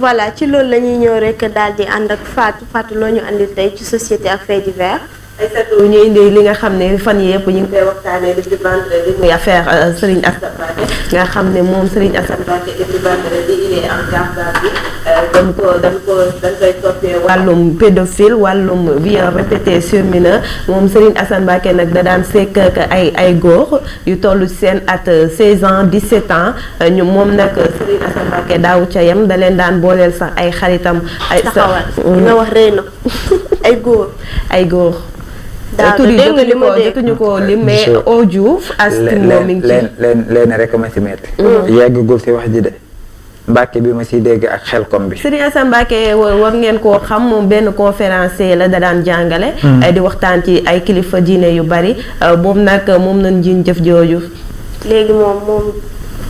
voilà ci loolu la ñuy ñëw rek daal di ànd ak faatu Fatou loo ñu andi tey ci société ak faits divers ay ñu indi li nga xam ne fan yii yëpp ñu koy waxtaanee depuis vendredi euh, nga xam ne moom Serigne Assane Mbacké depuis vendredi il euh, wàllum pédophile wàllum répété sur moom Serigne Assane nag da daan sekk ak ay góor yu toll seen at 16 euh, ans 17 ans ñu moom nag Serigne Assane Mbacké daawu ca yem da leen daan booleel sax ay xaritam. ay sa taxawal nga wax rëy na ay góor ay góor. tur yi jotuñu ko jotuñu ko lim mais au Diouf asti moom mi leen leen rek ma si metti mm. yeggagul si wax ji de Mbacke bi ma siy dégg ak xel kom bi. Serigne Assane Mbacke war ngeen koo xam moom benn conférencier la da daan jàngale. Mm. di waxtaan ci ay kilifa diine yu bari euh, boobu nag moom nañ jiñ jëf jooju. léegi moom moom.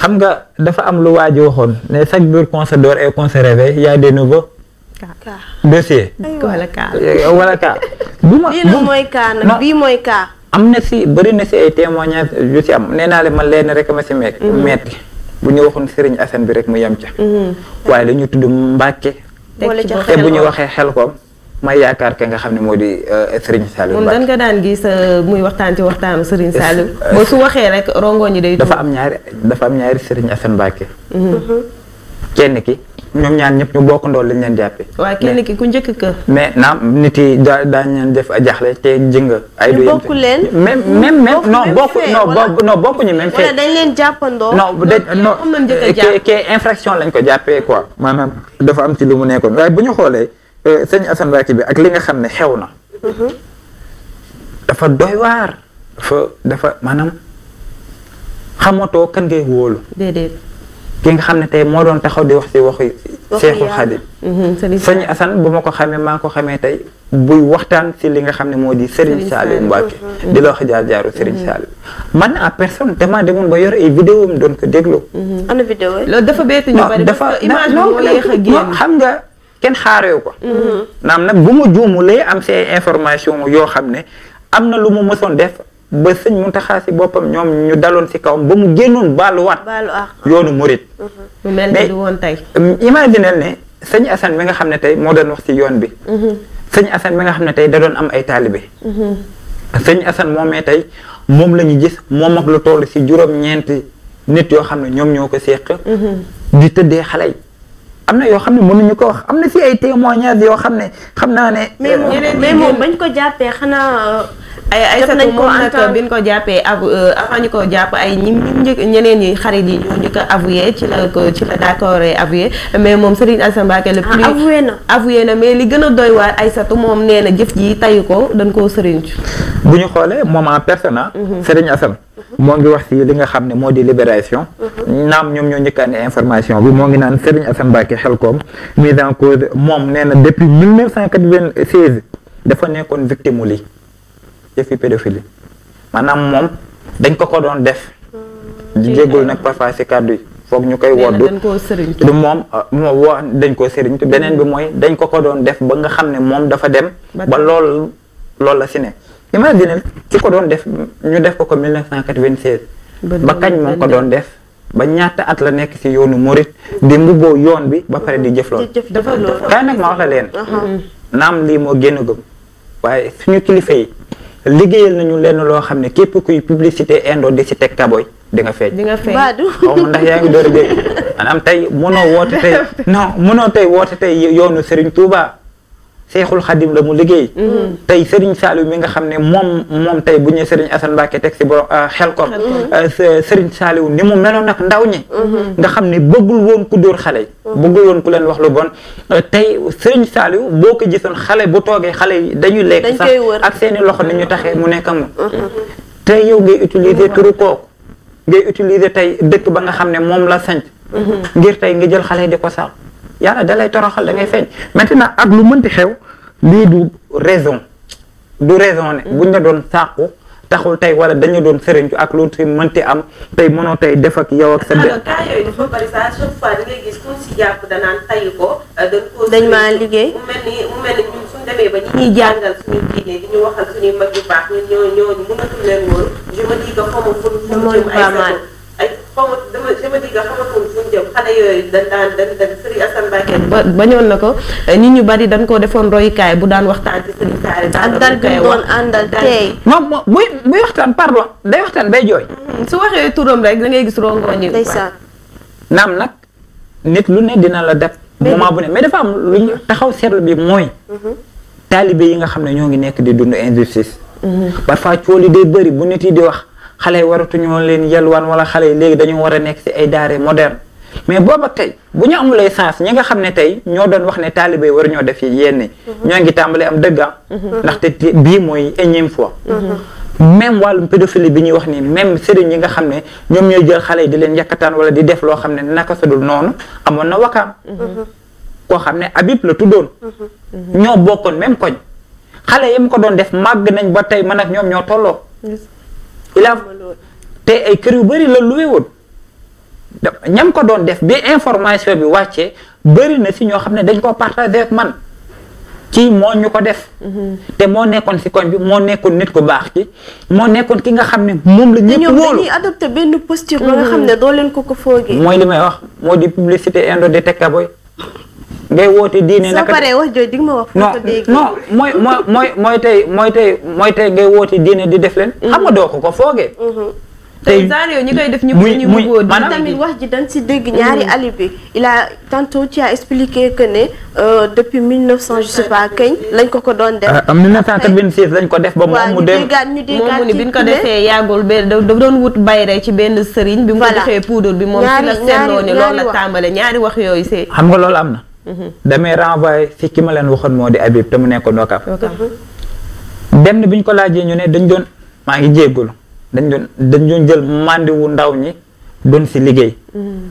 xam nga dafa am lu waa ji waxoon ne chaque jour qu'on se dort et qu'on a des nouveaux dossiers wala cas euh, wala cas bu ma mooy kaa am na si bëri na si ay témoignages yu si am nee naa leen man leen rek ma si meek mhm. metti bu ñu waxoon Serigne Assane bi rek mu yem ca mhm. waaye dañu tudd Mbàkke te bu ñu waxee xel koom may yaakaar ka nga xam ne moo di euh, Serigne Saliou moom dan nga daan gis euh, muy waxtaan ci waxtaanu Serigne Saliou euh, ba su waxee rek rongo ñi day dafa am ñaari dafa am ñaari Serigne Assane Mbacké mhm. kenn ki ñoom ñaan ñëpp ñu bokk ndool lañ leen jàppee. waaw kenn ki ku njëkk ka mais nit yi daa daañu def a te jënga ay du bokk leen même même même non bokk non non bokkuñu même fee. wala dañ leen ke infraction lañ ko jàppee quoi. maanaam dafa am ci lu mu nekkoon waaye bu ñu xoolee. Eh, sëñ Assane Mbacké bi ak li nga xam ne xew na. Mhm. dafa doy waar. dafa dafa maanaam xamatoo kan ngay wóolu. déedéet. ki nga xam ne tey moo doon taxaw di wax si waxu. Seexul Xadim. Mhm, sëñ Assane bu ma ko xamee maa ko xamee tey buy waxtaan si li nga xam ne moo di Serigne Saliou Mbacké. Mhm. di la wax jaar jaaru sëriñ Saliou. man à personne damaa demoon ba yor ay vidéo am doon ko déglu. dafa bett ñu bari. parce que image bi moo yéex xam nga. kenn xaareewu ko. Mm-hmm. naam nag bu ma juumu juumulee am see information yoo xam ne am na lu mu mësoon def ba sëñ Muntaxa si boppam ñoom ñu daloon si kawam ba mu génnoon baaluwaat. yoonu murit. mu mm-hmm. mel ni du woon tey. imagineel ne sëñ Assane mi nga xam ne tey moo doon wax si yoon bi. Mm-hmm. sëñ Assane mi nga xam ne tey da doon am ay taalibe. sëñ Assane moomee tey moom la gis moom ak lu toll si juróom-ñeenti nit yoo xam ne ñoom ñoo ko séq. di tëddee xale yi. am na yoo xam ne mënuñu ko wax am na fi ay témoignages yoo xam ne xam naa ne. mais euh, moom bañ ko jàppee xanaa. Euh, ay ay satu moom nag bi ko jàppee av euh, ñu ko jàpp ay ñi njëkk ñeneen ñi xarit yi ñoo njëkk a avoué ci mais moom Serigne Alassane Mbacké le ah, plus avoué na avoué mais li gën a doy ay satu moom nee na jëf ji tayu ko dañ koo sëriñ bu ñu xoolee moom en personne mhm. Serigne Assane moo ngi wax ci li nga xam ne moo di libération naam ñoom ñoo njëkkaane information bi moo ngi naan Serigne Assane Mbacké Khelcom mise en cause moom nee na depuis 1996 dafa nekkoon victime li jëfi pédophilie maanaam moom dañ ko ko doon def di mm. jéggul nag parfois ci kàddu yi foog ñu koy woddu du moom ah, moom woo dañ koo sëriñtu beneen bi mooy dañ ko ko doon def ba nga xam ne moom dafa dem ba lool loolu la si ne imaginel ki ko doon def ñu def ko ko 1996. ba kañ ma ko doon def. ba ñaata at la nekk ci yoonu Mouride di mbubboo yoon bi ba pare di jëf lool. kay nag ma wax la leen. Uh-huh. naam lii moo génn gëm. waaye suñu kilifa yi liggéeyal nañu lenn loo xam ne képp kuy publicité indo di ci teg kaboy di nga feeñ. di nga ndax yaa ngi door a dégg maanaam tey mënoo woote tey non mënoo tey woote tey yoonu Serigne Touba. seexul xadim la mu liggéey mm-hmm. tey Serigne Saliou mi nga xam ne moom moom tey bu ñu Serigne Assane Mbacké teg si boo euh, xel ko euh, Serigne Saliou ni mu meloon ak ndaw ñi mm-hmm. nga xam ne bëggul woon ku dóor xale yi mm-hmm. bëggul woon ku leen wax lu bon euh, tey Serigne Saliou boo ko gisoon xale bu toogee xale yi dañuy lekk sax ak seeni loxo ni ñu taxee mu nekk moom tey yow ngay utiliser turu kooku ngay utiliser tey dëkk ba nga xam ne moom la sanc ngir tey nga jël xale di ko sax yàlla da lay toroxal da ngay feeñ maintenant ak lu mënti xew lii du raison du raison ne buñ la doon sàqu taxul tey wala dañu doon sëriñtu ak lu ci mënti am tey mënoo tey def ak yow ak sa benn. alors cas yooyu dafa bari saa chaque fois da ngay gis ku si jàpp danaan tay ko. dañ maa liggéey mu mel ni mu mel ni ñun suñ demee ba ñi ñuy jàngal suñuy diine di ñu waxal suñuy mag yu baax ñun ñoo ñoo mënatul leen woon je me dis que xaw ma fu mu jëm ay yooyu ba bañoon na ko eh, nit ñu bari dañ koo defoon royukaay bu daan waxtaan ci Serigne Saliou. ak dal bi doon bay jooy. Mm-hmm. su waxee turam rek da gis rongoñ yi. ndeysaan naam nag nit lu ne dina la def. moment bu ne mais dafa am lu ñu taxaw seetlu bi mooy. Mm-hmm. taalibe yi nga xam ne ñoo ngi nekk di dund injustice. Mm-hmm. parfois coow li day bëri bu nit yi di wax. xale yi waratuñoo leen yalwaan wala xale yi léegi dañu war a nekk si ay daare moderne mais booba tey bu ñu amulee sens ñi nga xam ne tey ñoo doon wax ne taalibe yi war ñoo def yenn mhm. ñoo ngi tàmbale am dëgga ah. mhm. mhm. ndaxte bii mooy énième fois même wàllum pédophilie bi ñuy wax nii même sëriñ yi nga xam ne ñoom ñooy jël xale yi di leen yàkkataan wala di def loo xam ne naka sudul noonu amoon na wakaam koo xam ne Habib la tuddoon ñoo bokkoon même koñ xale yi mu ko doon def màgg nañ ba tey mën ak ñoom ñoo tolloo il te ay kër yu bari la luwe woon ñam ko doon def bi information bi wàccee bëri na si ñoo xam ne dañ koo partagé ak man ci moo ñu ko def. Mhm. te moo nekkoon si koñ bi moo nekkoon nit ku baax ci moo nekkoon ki nga xam ne moom la ñëpp wóolu dañuy benn posture. Mhm. xam ne doo leen ko ko mooy li may wax moo di publicité indo de tekka boy day woote diine naka. wax jooju di nga ma wax. non non mooy mooy mooy tey mooy tey mooy tey ngay woote diine di def leen. xam nga mhm. doo ko ko foogee. Mhm. tey genre yow ñi koy def ñu ñu bëggoo di tamit wax ji dañ si dégg mhm. ñaari alibi il a tantôt tu as expliqué que ne euh, depuis 1900 je sais pas ko ko doon def. Ah, am 1986 lañ ko def ba moom mu dem waaw ñu déggaat ñu déggaat ci moom mu ne bi ñu ko defee yàggul benn da doon wut bayre ci benn sëriñ. bi mu ko defee poudre bi moom. ñaari ñaari ñaari wax la seetloo ne loolu la ñaari wax yooyu see. xam nga loolu am na. damay renvoyé fi ki ma leen waxoon moo di Habib te mu nekkoon Wakam mm-hmm. dem na bi ñu ko laajee ñu ne dañ doon maa ngi jéggul dañ doon dañ doon jël màndi wu ndaw ñi doon si liggéey mm-hmm.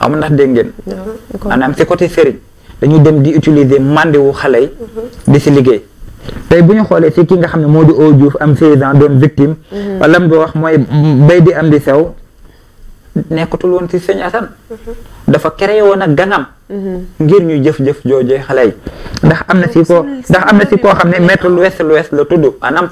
amul ndax dégg ngeen mm-hmm. maanaam côté sëriñ dañu dem di utiliser màndi wu xale di si liggéey tey bu ñu xoolee si ki nga xam ne moo di Oudiouf am 16 ans doon victime wala mu wax mooy bay di am di sew nekkatul woon ci sëñ Assane mhm. dafa créé woon ganam gangam mhm. ngir ñu jëf-jëf joojee xale yi ndax am na si koo ndax am na si koo xam ne lu maître lu l'ouest la tudd maanaam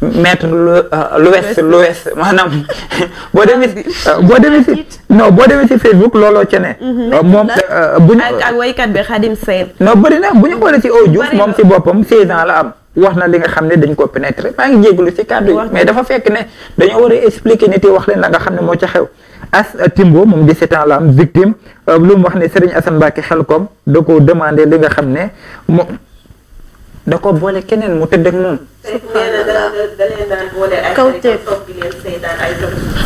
maître l'ouest euh, l'ouest maanaam boo demee si boo demee si non boo demee si Facebook looloo ca ne mhm. euh, moom euh, bu ñu ak waykat bi Xadim Seen non bëri na bu ñu xoolee si au moom si boppam 16 la am wax na li nga xam ne dañ ko pénétrer maa ngi jégalu si kàddu yi mais dafa fekk ne dañoo war a expliquer nit yi wax leen la nga xam ne moo ca xew as Timbo moom 17 ans la am victime euh, lu mu wax ne Serigne Assane Mbacke xel koom da ko demandé li nga xam ne mu da ko boole keneen mu tëdd ak moom. kawteef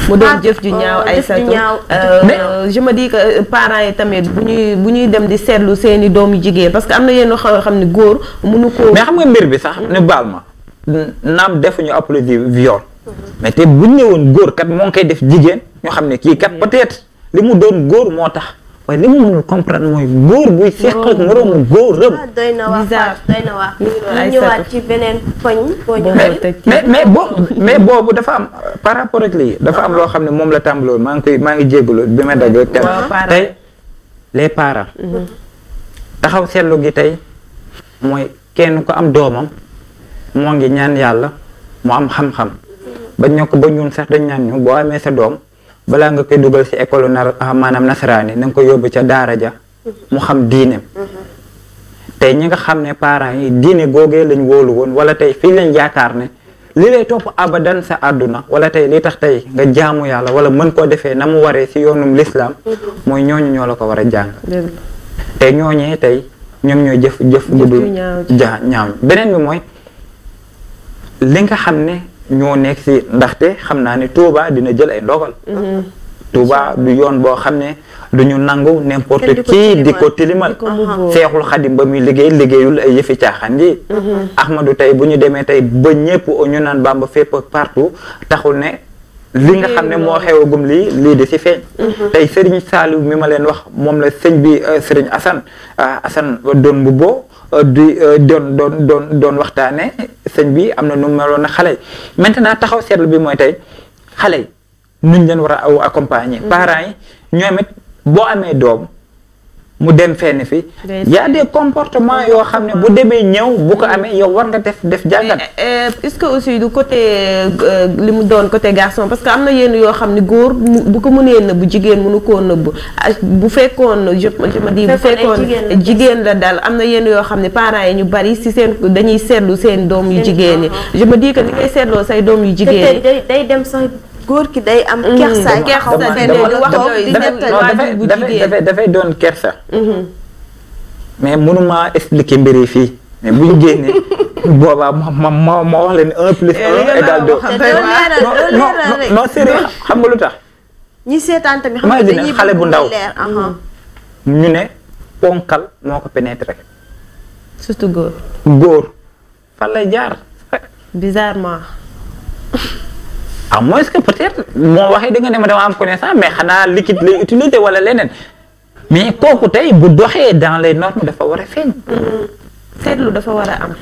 mu doon jëf ju ñaaw oh, ay satu euh, je me dis euh, yi tamit bu ñuy bu ñuy dem di seetlu seeni doomu jigéen parce que am na yenn xaw xam ne góor mënu ko. mais xam nga mbir bi sax ne baal ma naam defuñu apologie viol mais te bu ñu ne woon góor kat moo ngi koy def jigéen. ñu xam ne kii kat mm. peut li mu doon góor moo tax waaye li mu mënul comprendre mooy góor buy seq ak moroomu góoram. Ah, doy beneen poñ. mais mais boobu mais dafa am par rapport ak lii dafa am loo xam ne moom la tàmbaloon maa ngi koy maa ngi jégalu bi ma dagg tey tey les parents. Mm-hmm. taxaw seetlu gi tey mooy kenn ko am doomam moo ngi ñaan yàlla mu am xam-xam ba ñokk ba ñun sax dañ ñaan ñu boo amee sa doom. balaa nga koy dugal ci école nar ah, maanaam nasaraani na koy ko yóbbu ca daara ja mu xam diineem tey ñi nga xam ne parents yi diine googee lañ woolu woon wala tey fii lañ yaakaar ne li lay topp abadan sa àdduna wala tey li tax tey nga jaamu yàlla wala mën koo defee na mu waree ci yoonum lislaam mooy ñooñu ñoo la ko war a jàng te ñooñee tey ñoom ñooy jëf jëf gudul ja ñaaw beneen bi mooy li nga xam ne ñoo nekk si ndaxte xam naa ne Touba dina jël ay ndogal. Mhm. Touba du yoon boo xam ne du ñu nangu n'importe qui di ko tilimal seexul xadim ba muy liggéey liggéeyul ay yëfi caaxaan yi mhm. Ahmadou tey bu ñu demee tey ba ñëpp ñu naan Bamba fépp partout taxul ne li nga xam ne moo xewagum lii lii di si feeñ mhm. tey Serigne Saliou mi ma leen wax moom la sëñ bi euh, Serigne Assane euh, Assane doon mbubboo euh, di doon doon doon doon waxtaane sëñ bi am na nu na xale yi maintenant taxaw seetlu bi mooy tey xale yi nuñ leen war a aw accompagner mm-hmm. parents yi ñoom it boo amee doom mu dem fenn fi y a comportement yoo xam ne bu demee ñëw bu ko amee yow war nga def def jàngat euh, est-ce que aussi du côté euh, li mu doon côté garçon parce que am na yenn yoo xam ne góor bu ko mënee nëbb jigéen mënu koo nëbb ah, bu fekkoon je ma di bu fekkoon jigéen la dal am na yenn yoo xam ne parents yi ñu bari si seen dañuy seetlu seen doom yu jigéen yi ah. je me dis que ni ngay say doom yu jigéen yi góor ki day am. kersa mm. kersa di wax di dafay doon kersa. Mm-hmm. mënuma expliquer mbir yi fii. mais bu ñu génnee boobaa ma ma ma wax leen plus un eh, égal deux. non non non sérieux xam nga lu tax. ñi seetaan tamit xam nga dañuy xale bu ndaw. Mm-hmm. ñu ne ponkal moo ko pénétré. surtout góor. góor fan jaar. bizarrement. à moins que peut-être moo waxee da nga ne ma dama am connaissance mais xanaa liquide lay utiliser wala leneen mais kooku tey bu doxee dans les normes dafa war a feeñ. seetlu dafa war a am.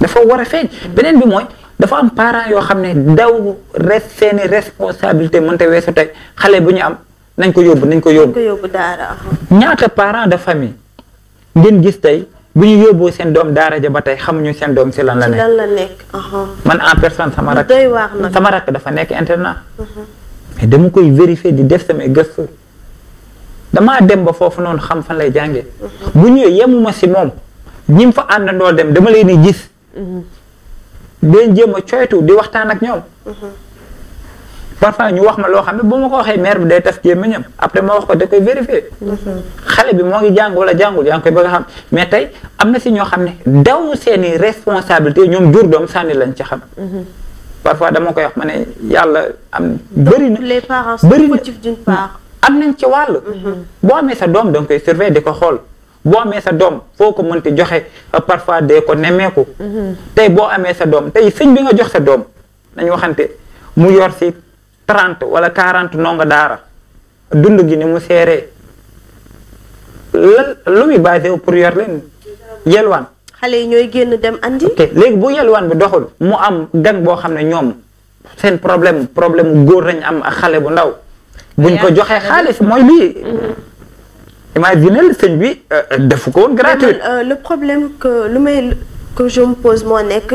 dafa war a feeñ. beneen bi mooy dafa am parents yoo xam ne daw res seeni responsabilité mënta weesu tey xale bu ñu am nañ ko yóbbu nañ ko yóbbu. nañ ko ñaata parent de famille ngeen gis tey. bu ñu yóbboo seen doom daara ja ba tey xamuñu seen doom si lan la nekk man en personne sama rakk sama rakk dafa nekk internat dama koy vérifier di def samay gëstu damaa dem ba foofu noonu xam fan lay jànge bu ñëwee yemuma si moom ñim fa àndandoo dem dama leen di gis mhm. leen jéem a coytu di waxtaan ak ñoom parfois ñu wax ma loo xam ne bu ko waxee mère bi day taf gémmiñam après ma wax ko da koy vérifier mhm. xale bi moo ngi jàng wala jàngul yaa ngi koy bëgg a xam mais tey am na si ñoo xam ne daw seeni responsabilité ñoom jur doom sànni lañ ci xam mhm. parfois dama koy wax ma ne yàlla am bëri na les parents sont fautifs d'une mm. am nañ ci wàll mhm. boo amee sa doom danga koy surveiller di ko xool boo amee sa doom foo ko mënti joxe euh, parfois de ko nemmeeku tey boo amee sa doom tey sëñ bi nga jox sa doom nañu waxante mu yor si trente wala quarante ndongo daara dund gi ni mu seeree lan lu muy basé wu pour yor leen yelwaan xale yi ñooy génn dem andi. léegi bu yelwaan bi doxul mu am gan boo xam ne ñoom seen problème problème góor lañ am ak xale bu ndaw. buñ ko joxee xaalis mooy lii. imaginel sëñ bi euh, defu ko woon gratuit. Euh, le problème que lu may que je pose moo nekk.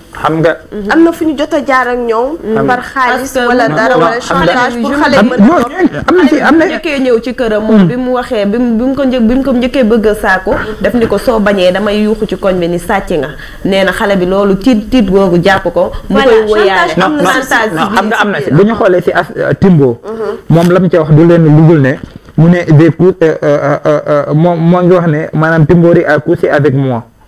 xam nga. am na fu ñu jot a jaar ak ñoom. par xaalis wala dara wala chantage pour xale mën am na ci am na njëkkee ñëw ci këram moom mm. bi mu waxee bi mu bi ko një bi ko njëkkee bëgg a saako. def ni ko soo bañee damay yuuxu ci koñ bi ni sàcc nga nee na xale bi loolu tiit tiit googu jàpp ko. mu koy woyaale am na am na si bu ñu xoolee si as euh, Timbo. Mm-hmm. moom la mu ca wax du leen lugul ne mu ne des coups euh, euh, moom moo ngi wax ne maanaam Timbo ri a couché avec moi.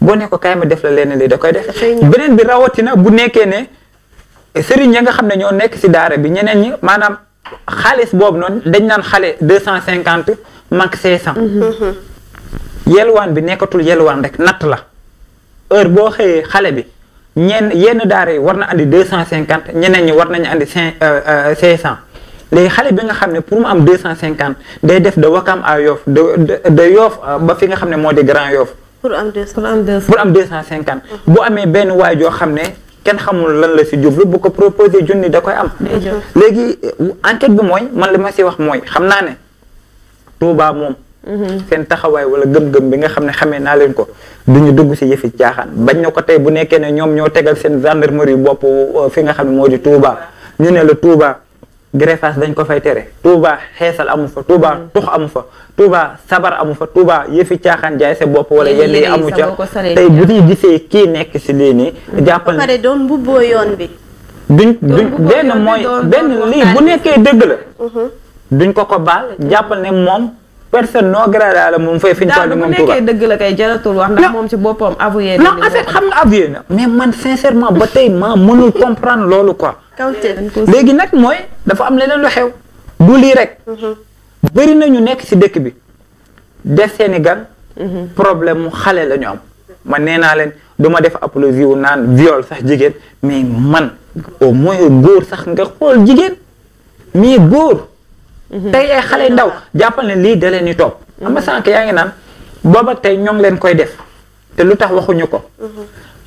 boo ne ko kaay ma def la leen li da koy def beneen bi rawatina bu nekkee ne sëriñ ya nga xam ne ñoo nekk si daara bi ñeneen ñi maanaam xaalis boobu noonu dañ naan xale deux cent cinquante manque cinq cent mm-hmm. yelwaan bi nekkatul yelwaan rek natt la heure boo xëyee xale bi ñenn yenn daara yi war na andi deux cent cinquante ñeneen ñi war nañu andi cinq euh, euh, cinq cent léegi xale bi nga xam ne pour mu am deux cent cinquante day def de Wakam à Yoff de de Yoff euh, ba fi nga xam ne moo di Grand Yoff pour am deux cent pour am deux cent cinquante. bu amee benn waay joo xam ne kenn xamul lan la si jublu bu ko proposé junni da koy am. léegi euh, enquête bi mooy man li ma si wax mooy xam naa ne Touba moom. Mhm. seen taxawaay wala gëm-gëm bi nga xam ne xamee naa leen ko ñu dugg si yëfi caaxaan bañ na ko tey bu nekkee ne ñoom ñoo tegal seen gendarmerie bopp euh, fi nga xam ne moo di Touba ñu ne la Touba. greffage dañ ko fay tere Touba xeesal amu fa Touba mm. tux amu fa Touba sabar amu fa Touba yëfi caaxaan jaay sa bopp wala yenn yi amu ca tey bu ñu gisee kii nekk si lii nii mm. jàppal pare doon mbubboo yoon bi duñ benn mooy benn bu nekkee dëgg la mm-hmm. duñ ko ko baal jàppal ne moom personne non grata la moom fay fi ñu toll moom Touba daal bu nekkee dëgg la kay jaratul wax moom si boppam avoué na non en nga avoué na mais man sincèrement ba tey ma mënul comprendre loolu quoi léegi nag mooy dafa am leneen lu xew du lii rek mhm. bëri nañu nekk ci dëkk bi def seeni gan mhm. problème mu xale lañu am man nee naa leen du def apologie wu naan viol sax jigéen mais man o moins góor sax nga xool jigéen mais góor mhm. tey ay xale ndaw jàppal ne lii da leen di topp am na sànq yaa ngi naan booba tey ñoom leen koy def te lu tax waxuñu ko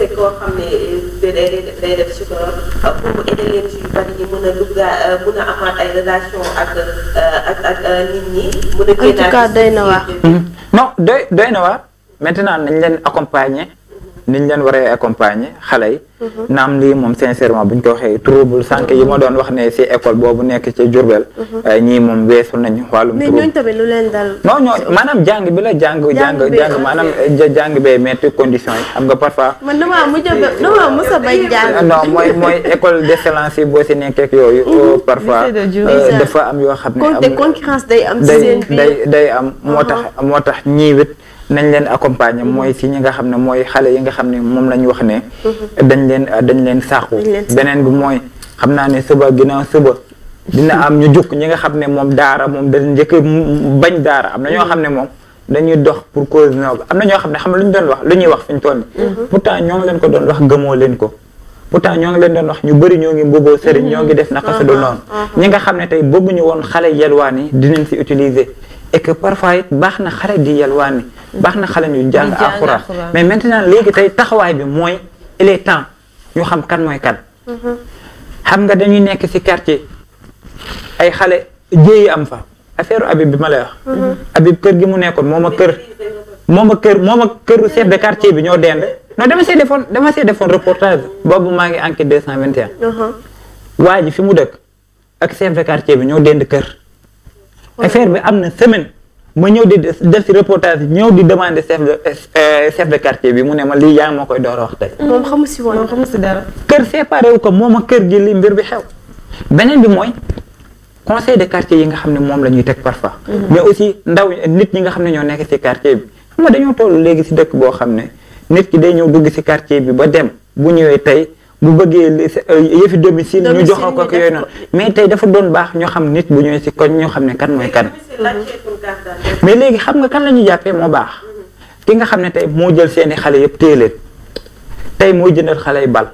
recruter koo xam ne eh, day day def psychologue ah, pour mu aider leen yu bari yi mën a dugga ah, mën a amaat ay relation ak eh, ak ak eh, nit ñi. mën a génnaat en tout cas doy na waar. Hmm. non doy doy na waar maintenant nañ leen accompagner. niñ leen waree accompagner xale yi. Mhm. naam lii moom sincèrement buñ ko waxee trouble sànq yi ma doon wax ne si école boobu nekk ci Diourbel. Mhm. ñii moom weesu nañu wàllum. trouble mais ñooñu tamit lu leen dal. non ñoo maanaam jàng bi la jàng. jàng jàng maanaam jàng bee metti condition yi xam nga parfois. man damaa mujj a damaa mos a bañ jàng. non mooy mooy école d'excellence yi boo si nekkee ak yooyu. Mhm. Oh, parfois euh, dafa am yoo xam ne. am concurrence day am. ci seen biir day am moo tax moo tax ñii wit nañ leen accompagner mhm. mooy si ñi nga xam ne mooy xale yi nga xam ne moom la ñu wax ne. Mhm. dañ leen dañ leen sàqu beneen bi mooy xam naa ne suba ginaa suba. dina am ñu jukk ñi nga xam ne moom daara moom dañ njëkk bañ daara am na ñoo mhm. xam ne moom. dañuy dox pour cause noble am na ñoo xam ne xam lu ñu doon wax lu ñuy wax fi ñu toll pourtant ñoo leen ko doon wax gëmoo leen ko pourtant ñoo ngi leen doon wax ñu bëri ñoo ngi mboboo seriñ ñoo ngi def na su dul noonu ñi nga xam ne tey boobu ñu woon xale yelwaan yi dinañ si utiliser et que parfois it baax na xale di yalwaani baax na xale ñu jàng alxuraan mais maintenant léegi tey taxawaay bi mooy il est temps ñu xam kan mooy kan mhm. xam nga dañuy nekk ci quartier ay xale jéeyi am fa affaire Habib bi ma lay wax mhm. Habib kër gi mu nekkoon moom a kër moom a kër moom a kër chef de quartier bi ñoo dend non dama see defoon dama see defoon reportage boobu maa ngi enquête deux cent vingt mhm. fi mu dëkk ak chef de quartier bi ñoo dend kër affaire bi am na semaine ma ñëw di def si reportage ñëw di demande chef de euh, chef de quartier bi mu ne ma lii yaa moo koy door a wax tey. Mm. moom xamu si woon xamu si dara. kër séparé ko moom ak kër gi li mbir bi xew beneen bi mooy conseil de quartier yi nga xam ne moom la ñuy teg parfois. Mm-hmm. mais aussi ndaw nit ñi nga xam ne ñoo nekk si quartier bi xam dañoo toll léegi si dëkk boo xam ne nit ki day ñëw dugg si quartier bi ba dem bu ñëwee tey. bu bëggee euh, yëfi domicile ñu jox ko ak yooyu noonu mais tey dafa doon baax ñu xam nit bu ñëwee si koñ ñu xam ne kan mooy kan mais léegi xam nga kan la ñu jàppee moo baax ki nga xam ne tey moo jël seeni xale yëpp téye leen tey mooy jëndal xale yi bal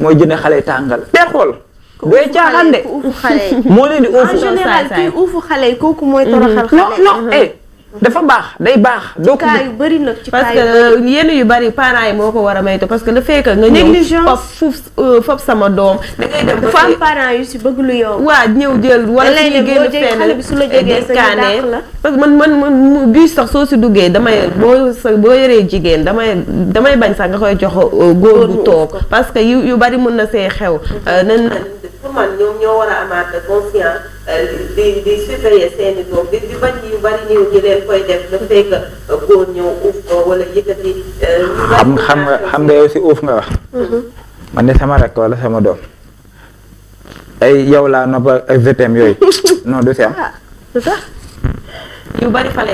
mooy jëndal xale yi tàngal tey xool doy caaxaan de moo leen di uufu en général kii uufu xale yi kooku mooy toroxal mm-hmm. xale non non mm-hmm. eh, dafa baax day baax. doo ko yu bëri nag ci parce que yenn yu bëri parent yi moo ko war a maytu parce que le fait que nga ñëw foofu fuuf foofu sama doom. da parent yu si bëgg lu yow. waa ñëw jël wala suñu génn fenn su la jegee la. parce man man man bii sax soo si duggee damay boo sa boo yoree jigéen damay damay bañ sax nga koy jox euh, góor bu toog parce que yu yu bëri mën na see xew. Euh, nan na pour a amaat di xam xam nga xam nga yow si uuf nga wax. Mm-hmm. man de sama rakk wala sama doom. ay yow laa nopp ak VTM yooyu non du si am. Ah,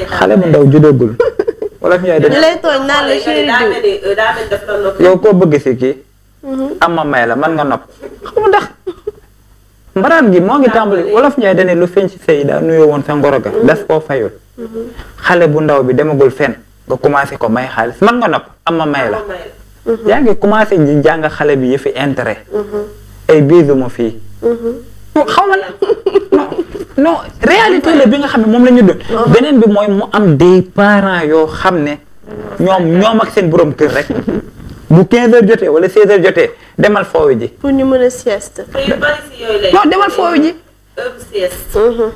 xale bu ndaw judoogul. wala fi ñooy def lay tooñ naan la chéri diw yow koo bëgg si kii. Mm-hmm. am ma may la man nga nopp xam ndax. mbaraan gi moo ngi tàmbali wolof Njaay dane lu feeñ ci sëy daa nuyoo woon sa ngoro ga das koo fayul mm-hmm. xale bu ndaw bi demagul fenn nga commencé ko may xaalis man nga nopp ama may la mm-hmm. yaa ngi commencé ji jàng xale bi fi intérêt mm-hmm. ay biisu ma fii xaw ma la non réalité la bi nga xam ne moom la ñu doon beneen bi mooy mu am des parents yoo xam ne ñoom ñoom ak seen borom kër rek bu 15h jotee wala 16h jotee demal foofu ji. pour ñu mën a sieste. non demal foofu ji.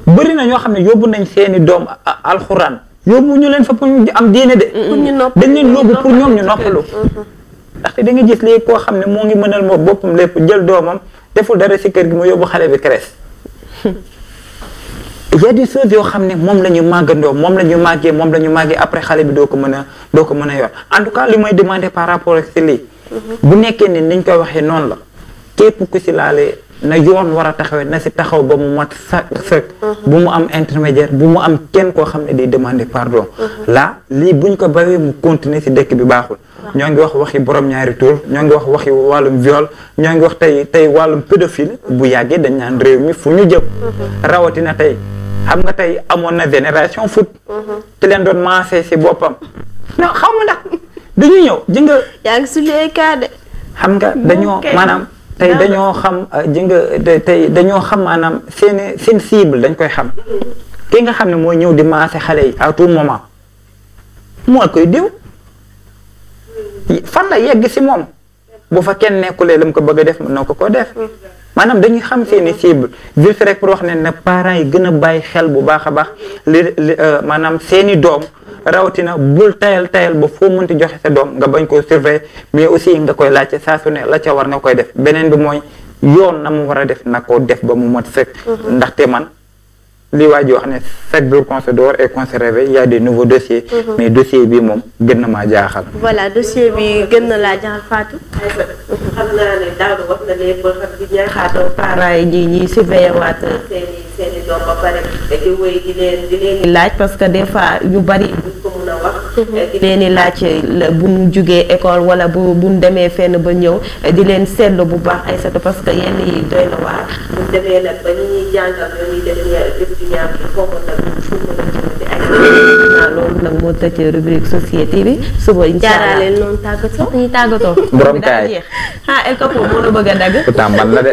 bëri mhm. na ñoo xam ne yóbbu nañ seeni doom alxuraan yóbbu ñu leen fa pour ñu am diine de. pour ñu noppalu dañ leen yóbbu pour ñoom ñu noppalu. ndaxte da nga gis léegi koo xam ne moo ngi mënal moo boppam lépp jël doomam deful dara si kër gi moo yóbbu xale bi crèche. y a des yoo xam ne moom la ñu màggandoo moom la ñu màggee moom la ñu màggee après xale bi doo ko mën a doo ko mën a yor en tout cas li may demandé par rapport ak si lii mhm. bu nekkee ne niñ koy waxee noonu la képp ku si laale na yoon war a taxawee na si taxaw ba mu mat sa sëkk mhm. bu mu am intermédiaire bu mu am kenn koo xam ne day demander pardon mhm. laa lii buñ ko bari mu continuer si dëkk bi baaxul ñoo ngi wax waxi borom ñaari tur ñoo ngi wax waxi wàllum viol ñoo ngi wax tey tey wàllum pédophile bu yàggee dañ naan réew mi fu ñu jëm rawatina tey xam nga tey amoon na génération foot. Mhm. te leen doon maasee si boppam. non xaw ma ndax dañuy ñëw ji nga. yaa ngi suñu de. xam nga dañoo maanaam. tey dañoo xam ah, ji nga tey dañoo xam maanaam seen seen cible dañ koy xam. ki nga xam ne mooy ñëw di maase xale yi à tout moment. moo koy diw. fan la yegg si moom. bu fa kenn nekkulee la mu ko bëgg a def mën na ko koo def. Mhm. maanaam dañuy xam seeni cible juste rek pour wax ne na parent yi gën a bàyyi xel bu baax a baax li euh, maanaam seeni doom rawatina bul tayal tayal ba foo mënti joxe sa doom nga bañ koo surveiller mais aussi nga koy laajte saa su ne la ca war nga koy def beneen bi mooy yoon na mu war a def na ko def ba mu mat set mm-hmm. ndaxte man li wadi ji wax ne chaque jour qu'on se dort et qu'on se réveille il y a des nouveaux dossiers. Mhm. mais dossier bi mom gëna ma jaaxal. voilà dossier bi gëna la laa jaaxal Fatou. xam naa ne daaw wax na léegi ba xam di ñaaxaatoo parents yi ñi ñuy surveiller waat seen i seen i doom ba pare di wéy di leen di leen laaj parce que des fois yu bari. di mm-hmm. leen di laaj bu ñu jugee école wala bu bu ñu demee fenn ba ñëw di leen seetlu bu baax ay seetlu parce que yenn yi doy na waar bu ñu demee nag ba ñu ñuy jàngal ñuy def ña di ñaar foofu nag fu mu mën a jënd loolu nag moo tëj rubrique société bi suba incha allah jaaraale noonu tàggatoo ñu tàggatoo. borom kaay ah El Capo moo la bëgg a dagg. pourtant man la de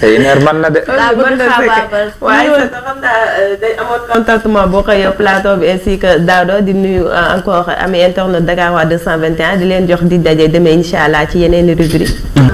tey neer man la de. ah man la fekk waaye xam naa euh, day amoon contentement boo ko yow plateau bi ainsi que Daado di nuyu nuyu euh, encore amee internet Dakar 221 di leen jox di dajé qui la ci yenen rubrique